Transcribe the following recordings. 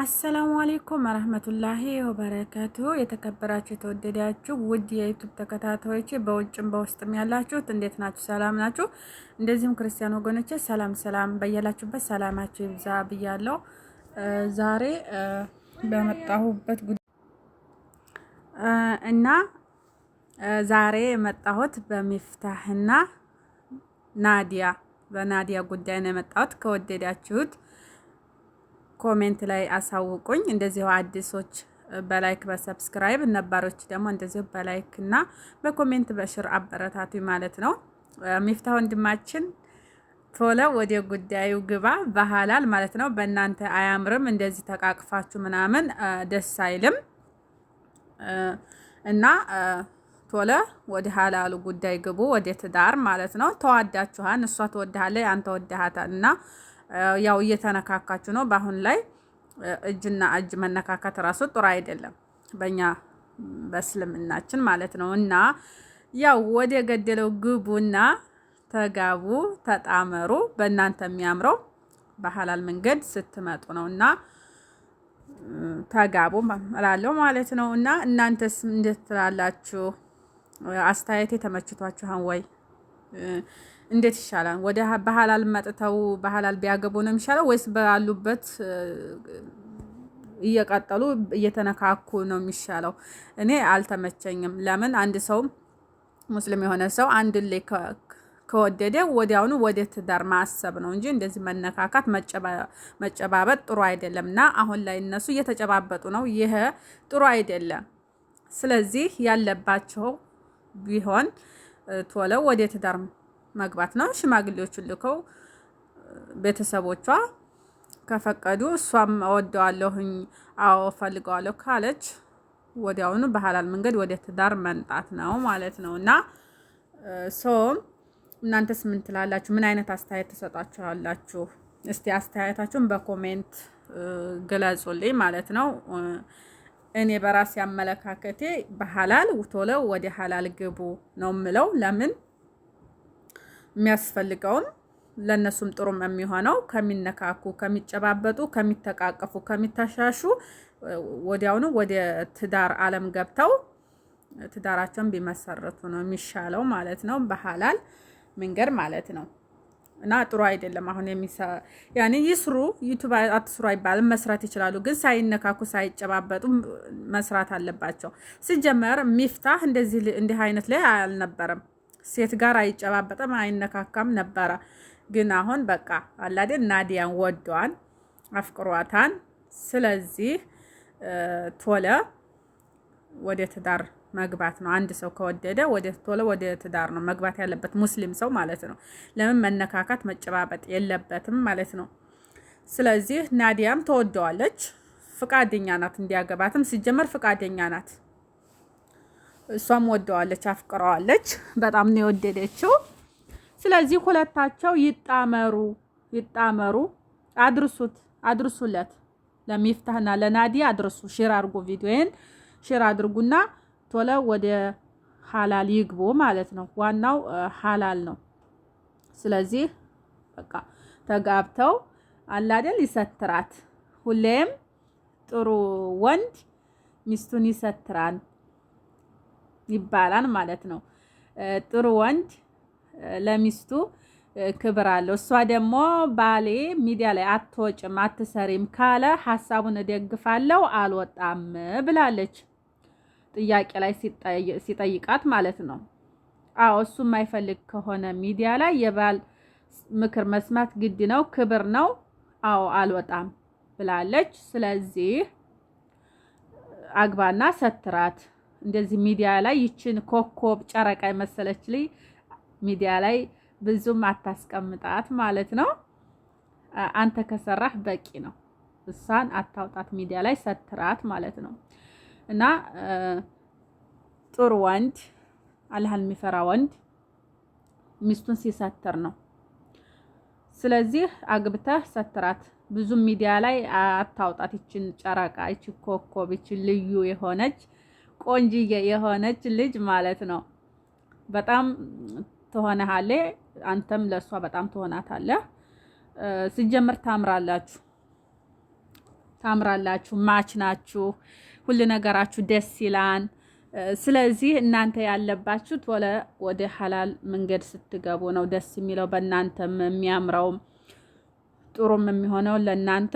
አሰላሙ አሌይኩም ወረህመቱላሂ ወበረከቱ። የተከበራችሁ የተወደዳችሁ ውድ የዩቱብ ተከታታዮች በውጭም በውስጥም ያላችሁት እንዴት ናችሁ? ሰላም ናችሁ? እንደዚሁም ክርስቲያን ወገኖች ሰላም ሰላም፣ በያላችሁበት ሰላማችሁ ይብዛ ብያለው። ዛሬ በመጣሁበት እና ዛሬ የመጣሁት በሚፍታህና ናዲያ በናዲያ ጉዳይ ነው የመጣሁት ከወደዳችሁት ኮሜንት ላይ አሳውቁኝ። እንደዚሁ አዲሶች በላይክ በሰብስክራይብ ነባሮች ደግሞ እንደዚሁ በላይክ እና በኮሜንት በሽር አበረታቱኝ ማለት ነው። ሚፍታ ወንድማችን ቶሎ ወደ ጉዳዩ ግባ በሀላል ማለት ነው። በእናንተ አያምርም እንደዚህ ተቃቅፋችሁ ምናምን ደስ አይልም እና ቶሎ ወደ ሀላሉ ጉዳይ ግቡ፣ ወደ ትዳር ማለት ነው። ተዋዳችኋን፣ እሷ ትወድሃለች፣ አንተ ወድሃታል እና ያው እየተነካካችሁ ነው። በአሁን ላይ እጅና እጅ መነካካት ራሱ ጥሩ አይደለም፣ በእኛ በእስልምናችን ማለት ነው። እና ያው ወደ ገደለው ግቡና ተጋቡ፣ ተጣመሩ። በእናንተ የሚያምረው በሀላል መንገድ ስትመጡ ነው እና ተጋቡ እላለሁ ማለት ነው። እና እናንተስ እንዴት ትላላችሁ? አስተያየቴ ተመችቷችኋን ወይ? እንዴት ይሻላል? ወደ በሀላል መጥተው በሀላል ቢያገቡ ነው የሚሻለው ወይስ ባሉበት እየቀጠሉ እየተነካኩ ነው የሚሻለው? እኔ አልተመቸኝም። ለምን አንድ ሰው ሙስሊም የሆነ ሰው አንድ ላይ ከወደደ ወዲያውኑ ወደ ትዳር ማሰብ ነው እንጂ እንደዚህ መነካካት መጨባበጥ ጥሩ አይደለም። እና አሁን ላይ እነሱ እየተጨባበጡ ነው። ይሄ ጥሩ አይደለም። ስለዚህ ያለባቸው ቢሆን ቶሎ ወደ ትዳር መግባት ነው። ሽማግሌዎቹን ልከው ቤተሰቦቿ ከፈቀዱ እሷም እወደዋለሁኝ፣ አዎ እፈልገዋለሁ ካለች ወዲያውኑ በሀላል መንገድ ወደ ትዳር መምጣት ነው ማለት ነው። እና ሰውም እናንተስ ምን ትላላችሁ? ምን አይነት አስተያየት ትሰጣችኋላችሁ? እስቲ አስተያየታችሁን በኮሜንት ግለጹልኝ ማለት ነው። እኔ በራሴ አመለካከቴ በሀላል ቶሎ ወደ ሀላል ግቡ ነው የምለው ለምን የሚያስፈልገውም ለእነሱም ጥሩም የሚሆነው ከሚነካኩ፣ ከሚጨባበጡ፣ ከሚተቃቀፉ፣ ከሚተሻሹ ወዲያውኑ ወደ ትዳር አለም ገብተው ትዳራቸውን ቢመሰርቱ ነው የሚሻለው ማለት ነው። በሀላል መንገድ ማለት ነው። እና ጥሩ አይደለም። አሁን ያኔ ይስሩ ዩቱብ አትስሩ አይባልም። መስራት ይችላሉ፣ ግን ሳይነካኩ ሳይጨባበጡ መስራት አለባቸው። ሲጀመር ሚፍታህ እንደዚህ እንዲህ አይነት ላይ አልነበረም። ሴት ጋር አይጨባበጥም አይነካካም ነበረ። ግን አሁን በቃ አላዴን ናዲያን ወዷን አፍቅሯታን። ስለዚህ ቶለ ወደ ትዳር መግባት ነው። አንድ ሰው ከወደደ ወደ ቶሎ ወደ ትዳር ነው መግባት ያለበት፣ ሙስሊም ሰው ማለት ነው። ለምን መነካካት መጨባበጥ የለበትም ማለት ነው። ስለዚህ ናዲያም ተወደዋለች፣ ፍቃደኛ ናት እንዲያገባትም። ሲጀመር ፍቃደኛ ናት። እሷም ወደዋለች፣ አፍቅረዋለች። በጣም ነው የወደደችው። ስለዚህ ሁለታቸው ይጣመሩ ይጣመሩ። አድርሱት አድርሱለት ለሚፍታህና ለናዲ አድርሱ። ሽር አድርጉ፣ ቪዲዮን ሽር አድርጉና ቶሎ ወደ ሀላል ይግቡ ማለት ነው። ዋናው ሀላል ነው። ስለዚህ በቃ ተጋብተው አላደል ይሰትራት። ሁሌም ጥሩ ወንድ ሚስቱን ይሰትራል። ይባላል ማለት ነው። ጥሩ ወንድ ለሚስቱ ክብር አለው። እሷ ደግሞ ባሌ ሚዲያ ላይ አትወጭም አትሰሪም ካለ ሀሳቡን እደግፋለሁ አልወጣም ብላለች፣ ጥያቄ ላይ ሲጠይቃት ማለት ነው። አዎ እሱ የማይፈልግ ከሆነ ሚዲያ ላይ የባል ምክር መስማት ግድ ነው፣ ክብር ነው። አዎ አልወጣም ብላለች። ስለዚህ አግባና ሰትራት እንደዚህ ሚዲያ ላይ ይችን ኮከብ ጨረቃ የመሰለች ልጅ ሚዲያ ላይ ብዙም አታስቀምጣት ማለት ነው። አንተ ከሰራህ በቂ ነው። እሷን አታውጣት ሚዲያ ላይ ሰትራት ማለት ነው። እና ጥሩ ወንድ አላህን የሚፈራ ወንድ ሚስቱን ሲሰትር ነው። ስለዚህ አግብተህ ሰትራት። ብዙም ሚዲያ ላይ አታውጣት ይችን ጨረቃ፣ ይችን ኮከብ፣ ይችን ልዩ የሆነች ቆንጅዬ የሆነች ልጅ ማለት ነው። በጣም ትሆነሃሌ አንተም ለእሷ በጣም ትሆናታለህ። ሲጀምር ታምራላችሁ፣ ታምራላችሁ፣ ማች ናችሁ፣ ሁሉ ነገራችሁ ደስ ይላል። ስለዚህ እናንተ ያለባችሁ ቶሎ ወደ ሀላል መንገድ ስትገቡ ነው ደስ የሚለው በእናንተም የሚያምረውም ጥሩም የሚሆነው ለእናንተ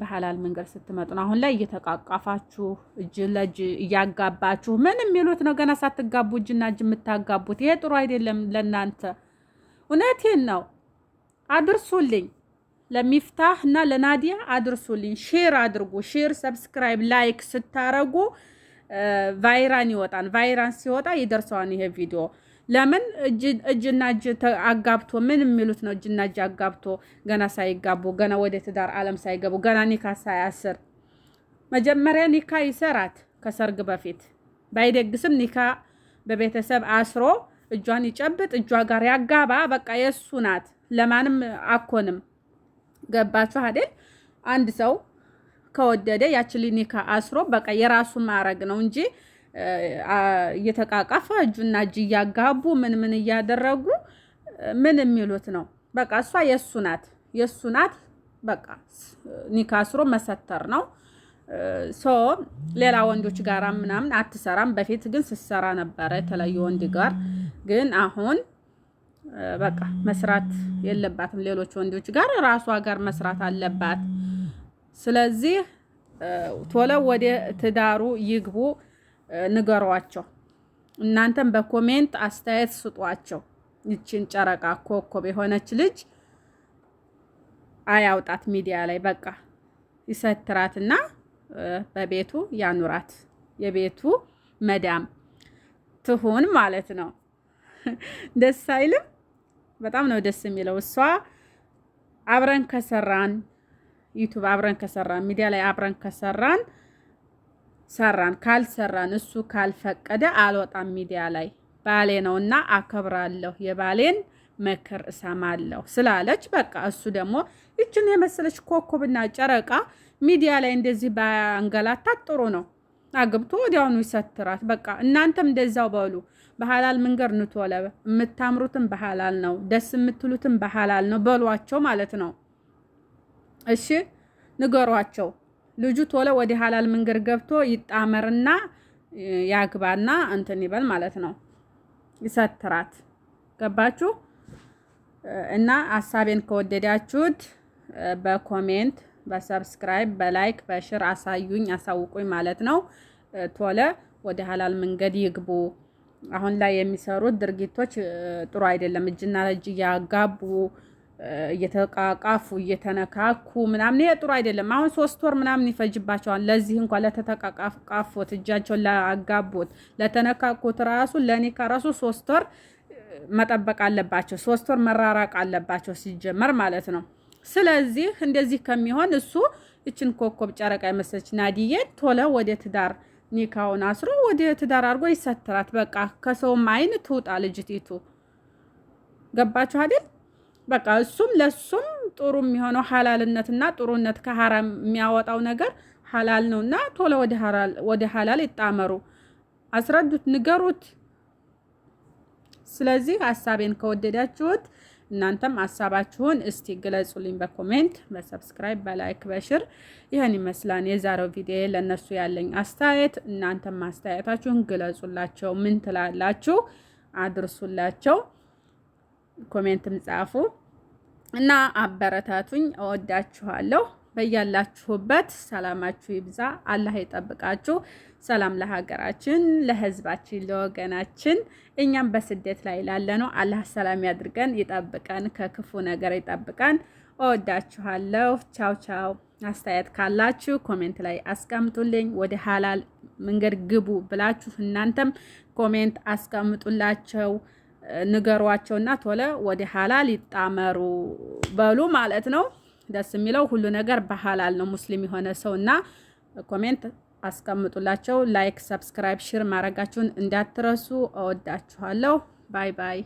በሐላል መንገድ ስትመጡ ነው። አሁን ላይ እየተቃቃፋችሁ እጅ ለእጅ እያጋባችሁ ምን የሚሉት ነው? ገና ሳትጋቡ እጅና እጅ የምታጋቡት ይሄ ጥሩ አይደለም ለእናንተ። እውነቴን ነው። አድርሱልኝ፣ ለሚፍታህ እና ለናዲያ አድርሱልኝ። ሼር አድርጉ። ሼር፣ ሰብስክራይብ፣ ላይክ ስታረጉ ቫይራን ይወጣል። ቫይራን ሲወጣ ይደርሰዋል ይሄ ቪዲዮ ለምን እጅና እጅ አጋብቶ ምን የሚሉት ነው? እጅና እጅ አጋብቶ ገና ሳይጋቡ ገና ወደ ትዳር አለም ሳይገቡ ገና ኒካ ሳያስር መጀመሪያ ኒካ ይሰራት ከሰርግ በፊት ባይደግስም ኒካ በቤተሰብ አስሮ እጇን ይጨብጥ፣ እጇ ጋር ያጋባ። በቃ የእሱ ናት፣ ለማንም አኮንም። ገባችሁ አይደል? አንድ ሰው ከወደደ ያችሊ ኒካ አስሮ በቃ የራሱ ማረግ ነው እንጂ እየተቃቃፈ እጁና እጅ እያጋቡ ምን ምን እያደረጉ ምን የሚሉት ነው። በቃ እሷ የእሱ ናት የእሱ ናት። በቃ ኒካስሮ መሰተር ነው። ሶ ሌላ ወንዶች ጋራ ምናምን አትሰራም። በፊት ግን ስትሰራ ነበረ የተለያዩ ወንድ ጋር ግን አሁን በቃ መስራት የለባትም። ሌሎች ወንዶች ጋር ራሷ ጋር መስራት አለባት። ስለዚህ ቶሎ ወደ ትዳሩ ይግቡ። ንገሯቸው። እናንተም በኮሜንት አስተያየት ስጧቸው። ይችን ጨረቃ ኮከብ የሆነች ልጅ አያውጣት ሚዲያ ላይ በቃ ይሰትራትና በቤቱ ያኑራት። የቤቱ መዳም ትሁን ማለት ነው። ደስ አይልም? በጣም ነው ደስ የሚለው። እሷ አብረን ከሰራን ዩቱብ አብረን ከሰራን ሚዲያ ላይ አብረን ከሰራን ሰራን ካልሰራን እሱ ካልፈቀደ አልወጣም ሚዲያ ላይ ባሌ ነውና አከብራለሁ የባሌን መክር እሰማለሁ ስላለች በቃ እሱ ደግሞ ይችን የመሰለች ኮከብና ጨረቃ ሚዲያ ላይ እንደዚህ ባንገላታት ጥሩ ነው። አግብቶ ወዲያውኑ ይሰትራት። በቃ እናንተም እንደዛው በሉ። በሐላል መንገድ ንቶለበ የምታምሩትም በሐላል ነው፣ ደስ የምትሉትም በሐላል ነው በሏቸው ማለት ነው። እሺ ንገሯቸው። ልጁ ቶሎ ወደ ሀላል መንገድ ገብቶ ይጣመርና ያግባና እንትን ይበል ማለት ነው። ይሰትራት። ገባችሁ? እና ሀሳቤን ከወደዳችሁት በኮሜንት በሰብስክራይብ በላይክ በሽር አሳዩኝ አሳውቁኝ ማለት ነው። ቶለ ወደ ሀላል መንገድ ይግቡ። አሁን ላይ የሚሰሩት ድርጊቶች ጥሩ አይደለም። እጅና እጅ እያጋቡ እየተቃቃፉ እየተነካኩ ምናምን ይሄ ጥሩ አይደለም። አሁን ሶስት ወር ምናምን ይፈጅባቸዋል። ለዚህ እንኳን ለተተቃቃፉት እጃቸውን ለአጋቡት ለተነካኩት ራሱ ለኒካ ራሱ ሶስት ወር መጠበቅ አለባቸው። ሶስት ወር መራራቅ አለባቸው ሲጀመር ማለት ነው። ስለዚህ እንደዚህ ከሚሆን እሱ እችን ኮከብ ጨረቃ የመሰለች ናዲዬ ቶሎ ወደ ትዳር ኒካውን አስሮ ወደ ትዳር አድርጎ ይሰትራት። በቃ ከሰውም አይን ትውጣ ልጅቲቱ። ገባችሁ አይደል? በቃ እሱም ለሱም ጥሩ የሚሆነው ሀላልነትና ጥሩነት ከሀራም የሚያወጣው ነገር ሀላል ነውና ቶሎ ወደ ሀላል ይጣመሩ። አስረዱት፣ ንገሩት። ስለዚህ ሀሳቤን ከወደዳችሁት እናንተም ሀሳባችሁን እስቲ ግለጹልኝ በኮሜንት በሰብስክራይብ በላይክ በሽር ይህን ይመስላል የዛሬው ቪዲዮ ለእነሱ ያለኝ አስተያየት እናንተም አስተያየታችሁን ግለጹላቸው ምን ትላላችሁ አድርሱላቸው ኮሜንትም ጻፉ እና አበረታቱኝ። እወዳችኋለሁ። በያላችሁበት ሰላማችሁ ይብዛ፣ አላህ ይጠብቃችሁ። ሰላም ለሀገራችን፣ ለህዝባችን ለወገናችን እኛም በስደት ላይ ላለ ነው። አላህ ሰላም ያድርገን፣ ይጠብቀን፣ ከክፉ ነገር ይጠብቀን። እወዳችኋለሁ። ቻው ቻው። አስተያየት ካላችሁ ኮሜንት ላይ አስቀምጡልኝ። ወደ ሀላል መንገድ ግቡ ብላችሁ እናንተም ኮሜንት አስቀምጡላቸው። ንገሯቸውና ቶሎ ወደ ሀላል ይጣመሩ በሉ ማለት ነው። ደስ የሚለው ሁሉ ነገር በሀላል ነው። ሙስሊም የሆነ ሰው እና ኮሜንት አስቀምጡላቸው። ላይክ፣ ሰብስክራይብ፣ ሽር ማድረጋችሁን እንዳትረሱ። እወዳችኋለሁ። ባይ ባይ።